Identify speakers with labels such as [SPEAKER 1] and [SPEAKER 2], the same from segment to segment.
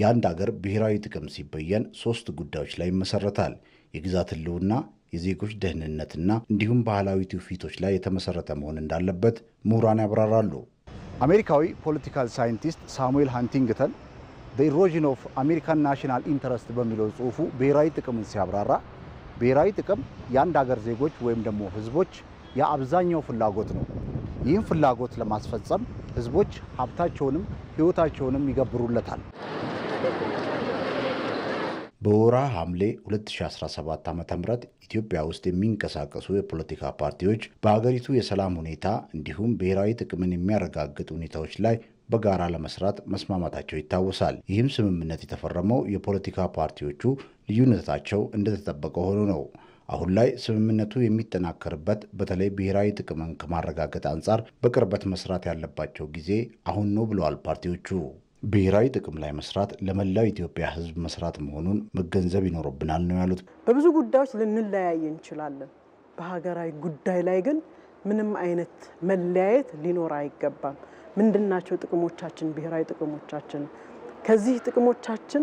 [SPEAKER 1] የአንድ አገር ብሔራዊ ጥቅም ሲበየን ሶስት ጉዳዮች ላይ ይመሰረታል። የግዛት ህልውና፣ የዜጎች ደህንነትና እንዲሁም ባህላዊ ትውፊቶች ላይ የተመሰረተ መሆን እንዳለበት ምሁራን ያብራራሉ።
[SPEAKER 2] አሜሪካዊ ፖለቲካል ሳይንቲስት ሳሙኤል ሃንቲንግተን ኢሮዥን ኦፍ አሜሪካን ናሽናል ኢንተረስት በሚለው ጽሁፉ ብሔራዊ ጥቅምን ሲያብራራ ብሔራዊ ጥቅም የአንድ አገር ዜጎች ወይም ደግሞ ህዝቦች የአብዛኛው ፍላጎት ነው። ይህም ፍላጎት ለማስፈጸም ህዝቦች ሀብታቸውንም ህይወታቸውንም ይገብሩለታል።
[SPEAKER 1] በወራ ሐምሌ 2017 ዓ ም ኢትዮጵያ ውስጥ የሚንቀሳቀሱ የፖለቲካ ፓርቲዎች በሀገሪቱ የሰላም ሁኔታ እንዲሁም ብሔራዊ ጥቅምን የሚያረጋግጥ ሁኔታዎች ላይ በጋራ ለመስራት መስማማታቸው ይታወሳል። ይህም ስምምነት የተፈረመው የፖለቲካ ፓርቲዎቹ ልዩነታቸው እንደተጠበቀ ሆኖ ነው። አሁን ላይ ስምምነቱ የሚጠናከርበት በተለይ ብሔራዊ ጥቅምን ከማረጋገጥ አንጻር በቅርበት መስራት ያለባቸው ጊዜ አሁን ነው ብለዋል ፓርቲዎቹ። ብሔራዊ ጥቅም ላይ መስራት ለመላው ኢትዮጵያ ሕዝብ መስራት መሆኑን መገንዘብ ይኖርብናል ነው ያሉት።
[SPEAKER 3] በብዙ ጉዳዮች ልንለያይ እንችላለን። በሀገራዊ ጉዳይ ላይ ግን ምንም አይነት መለያየት ሊኖር አይገባም። ምንድናቸው ጥቅሞቻችን? ብሔራዊ ጥቅሞቻችን ከዚህ ጥቅሞቻችን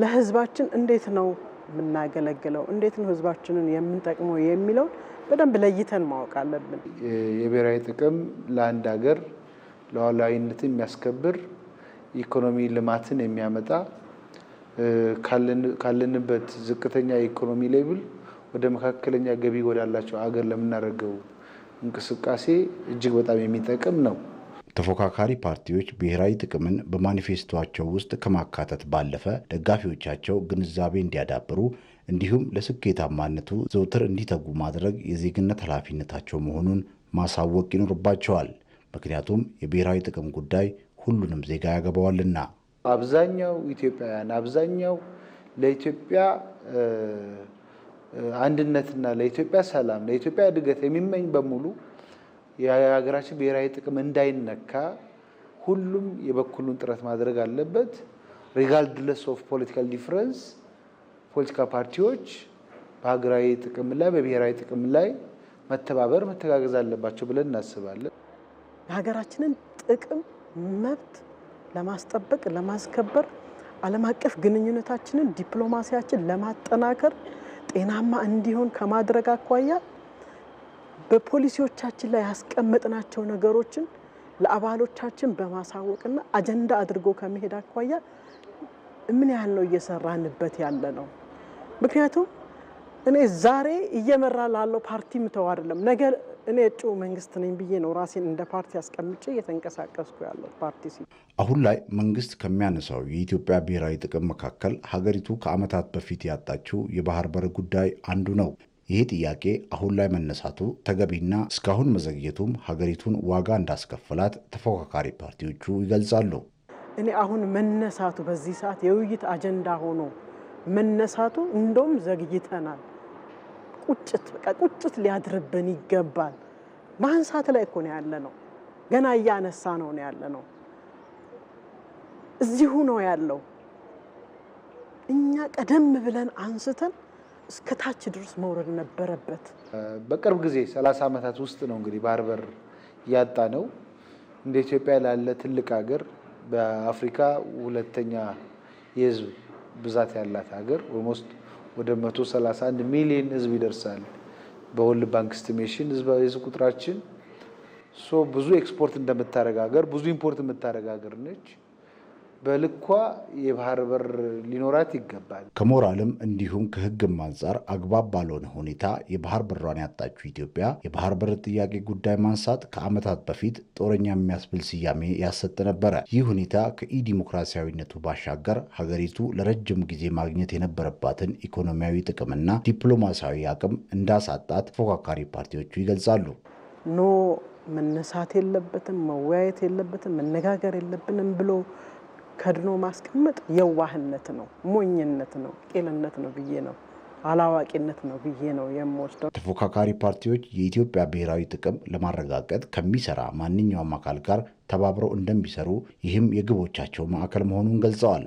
[SPEAKER 3] ለህዝባችን እንዴት ነው የምናገለግለው? እንዴት ነው ህዝባችንን የምንጠቅመው የሚለውን በደንብ ለይተን ማወቅ አለብን።
[SPEAKER 4] የብሔራዊ ጥቅም ለአንድ ሀገር ሉዓላዊነትን የሚያስከብር ኢኮኖሚ ልማትን የሚያመጣ ካለንበት ዝቅተኛ የኢኮኖሚ ሌብል ወደ መካከለኛ ገቢ ወዳላቸው አገር ለምናደርገው እንቅስቃሴ እጅግ በጣም የሚጠቅም ነው።
[SPEAKER 1] ተፎካካሪ ፓርቲዎች ብሔራዊ ጥቅምን በማኒፌስቶቸው ውስጥ ከማካተት ባለፈ ደጋፊዎቻቸው ግንዛቤ እንዲያዳብሩ እንዲሁም ለስኬታማነቱ ዘውትር እንዲተጉ ማድረግ የዜግነት ኃላፊነታቸው መሆኑን ማሳወቅ ይኖርባቸዋል። ምክንያቱም የብሔራዊ ጥቅም ጉዳይ ሁሉንም ዜጋ ያገባዋልና።
[SPEAKER 4] አብዛኛው ኢትዮጵያውያን አብዛኛው ለኢትዮጵያ አንድነትና ለኢትዮጵያ ሰላም ለኢትዮጵያ እድገት የሚመኝ በሙሉ የሀገራችን ብሔራዊ ጥቅም እንዳይነካ ሁሉም የበኩሉን ጥረት ማድረግ አለበት። ሪጋርድለስ ኦፍ ፖለቲካል ዲፍረንስ ፖለቲካ ፓርቲዎች በሀገራዊ ጥቅም ላይ በብሔራዊ ጥቅም ላይ መተባበር መተጋገዝ አለባቸው ብለን እናስባለን።
[SPEAKER 3] የሀገራችንን ጥቅም መብት ለማስጠበቅ ለማስከበር ዓለም አቀፍ ግንኙነታችንን ዲፕሎማሲያችን ለማጠናከር ጤናማ እንዲሆን ከማድረግ አኳያ በፖሊሲዎቻችን ላይ ያስቀመጥናቸው ነገሮችን ለአባሎቻችን በማሳወቅና አጀንዳ አድርጎ ከመሄድ አኳያ ምን ያህል ነው እየሰራንበት ያለ ነው? ምክንያቱም እኔ ዛሬ እየመራ ላለው ፓርቲ ምተው አይደለም ነገር እኔ እጩ መንግስት ነኝ ብዬ ነው ራሴን እንደ ፓርቲ አስቀምጬ እየተንቀሳቀስኩ ያለው ፓርቲ ሲ
[SPEAKER 1] አሁን ላይ መንግስት ከሚያነሳው የኢትዮጵያ ብሔራዊ ጥቅም መካከል ሀገሪቱ ከዓመታት በፊት ያጣችው የባህር በር ጉዳይ አንዱ ነው። ይህ ጥያቄ አሁን ላይ መነሳቱ ተገቢና እስካሁን መዘግየቱም ሀገሪቱን ዋጋ እንዳስከፈላት ተፎካካሪ ፓርቲዎቹ ይገልጻሉ።
[SPEAKER 3] እኔ አሁን መነሳቱ በዚህ ሰዓት የውይይት አጀንዳ ሆኖ መነሳቱ እንደውም ዘግይተናል ቁጭት በቃ ቁጭት ሊያድርብን ይገባል። ማንሳት ላይ እኮ ነው ያለ ነው። ገና እያነሳ ነው ነው ያለ ነው። እዚሁ ነው ያለው። እኛ ቀደም ብለን አንስተን እስከ ታች ድረስ መውረድ ነበረበት።
[SPEAKER 4] በቅርብ ጊዜ 30 ዓመታት ውስጥ ነው እንግዲህ ባህር በር ያጣ ነው። እንደ ኢትዮጵያ ላለ ትልቅ ሀገር በአፍሪካ ሁለተኛ የህዝብ ብዛት ያላት ሀገር ኦልሞስት ወደ 131 ሚሊዮን ህዝብ ይደርሳል። በወልድ ባንክ ስቲሜሽን ህዝብ ቁጥራችን ብዙ ኤክስፖርት እንደምታረጋገር ብዙ ኢምፖርት የምታረጋገር ነች። በልኳ የባህር በር ሊኖራት ይገባል።
[SPEAKER 1] ከሞራልም እንዲሁም ከሕግም አንጻር አግባብ ባልሆነ ሁኔታ የባህር በሯን ያጣችው ኢትዮጵያ የባህር በር ጥያቄ ጉዳይ ማንሳት ከዓመታት በፊት ጦረኛ የሚያስብል ስያሜ ያሰጥ ነበረ። ይህ ሁኔታ ከኢዲሞክራሲያዊነቱ ባሻገር ሀገሪቱ ለረጅም ጊዜ ማግኘት የነበረባትን ኢኮኖሚያዊ ጥቅምና ዲፕሎማሲያዊ አቅም እንዳሳጣት ተፎካካሪ ፓርቲዎቹ ይገልጻሉ።
[SPEAKER 3] ኖ መነሳት የለበትም መወያየት የለበትም መነጋገር የለብንም ብሎ ከድኖ ማስቀመጥ የዋህነት ነው፣ ሞኝነት ነው፣ ቄልነት ነው ብዬ ነው አላዋቂነት ነው ብዬ ነው የምወስደው።
[SPEAKER 1] ተፎካካሪ ፓርቲዎች የኢትዮጵያ ብሔራዊ ጥቅም ለማረጋገጥ ከሚሰራ ማንኛውም አካል ጋር ተባብረው እንደሚሰሩ ይህም የግቦቻቸው ማዕከል መሆኑን ገልጸዋል።